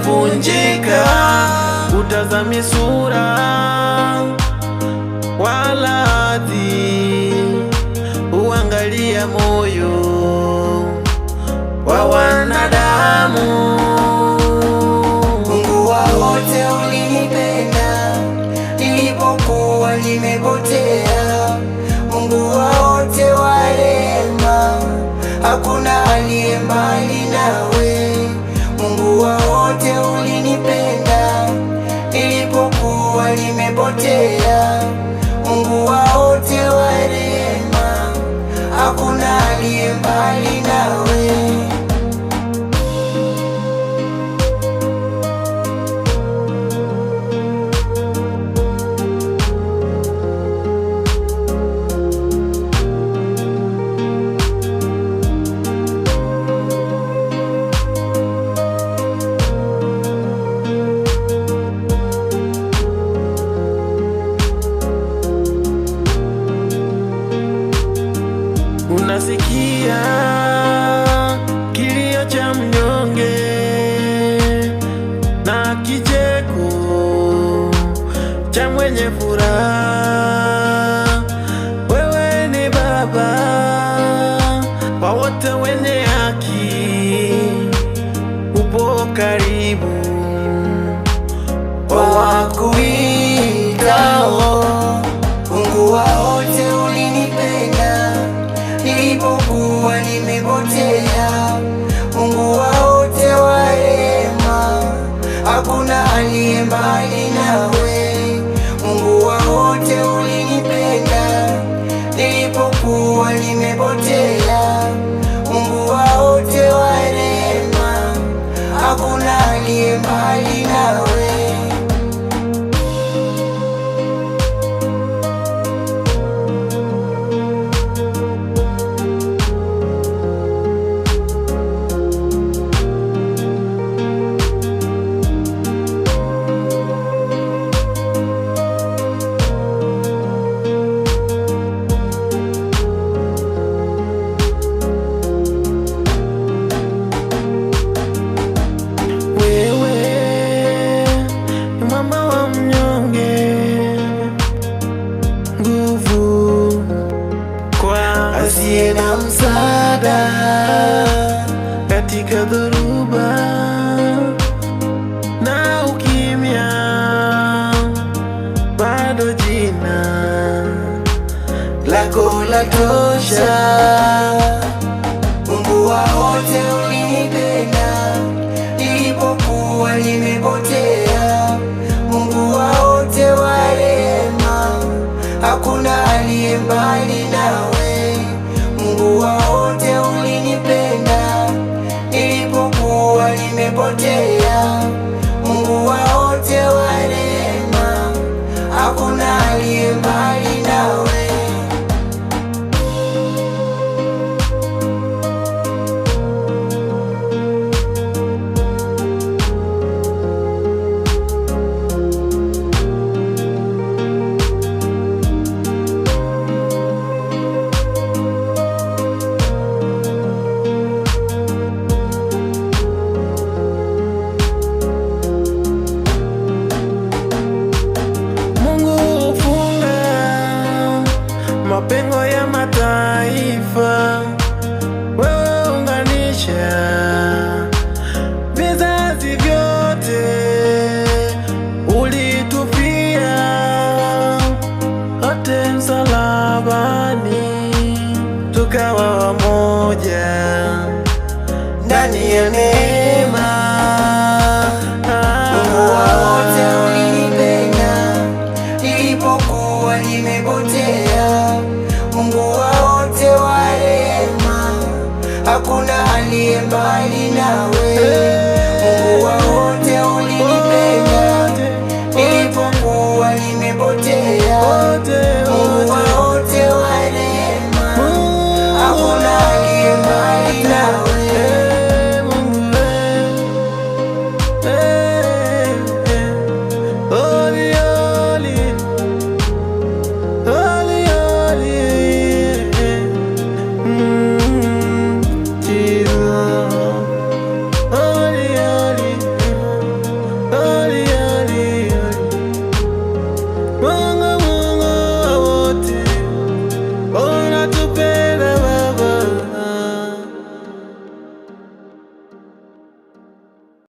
kunjika utazami sura wala hadhi, uangalia moyo wa wanadamu. mbali mbali nawe wakuitao oh. Mungu wa wote ulinipenda nilipokuwa nimepotea, Mungu wa wote wa rehema, hakuna aliye mbali nguvu kwa asiye na msaada katika dhoruba na ukimya, bado jina lako la tosha. mapengo ya mataifa, wewe unganisha vizazi vyote ulitupia wote msalabani, tukawa wamoja ndani ya to bed.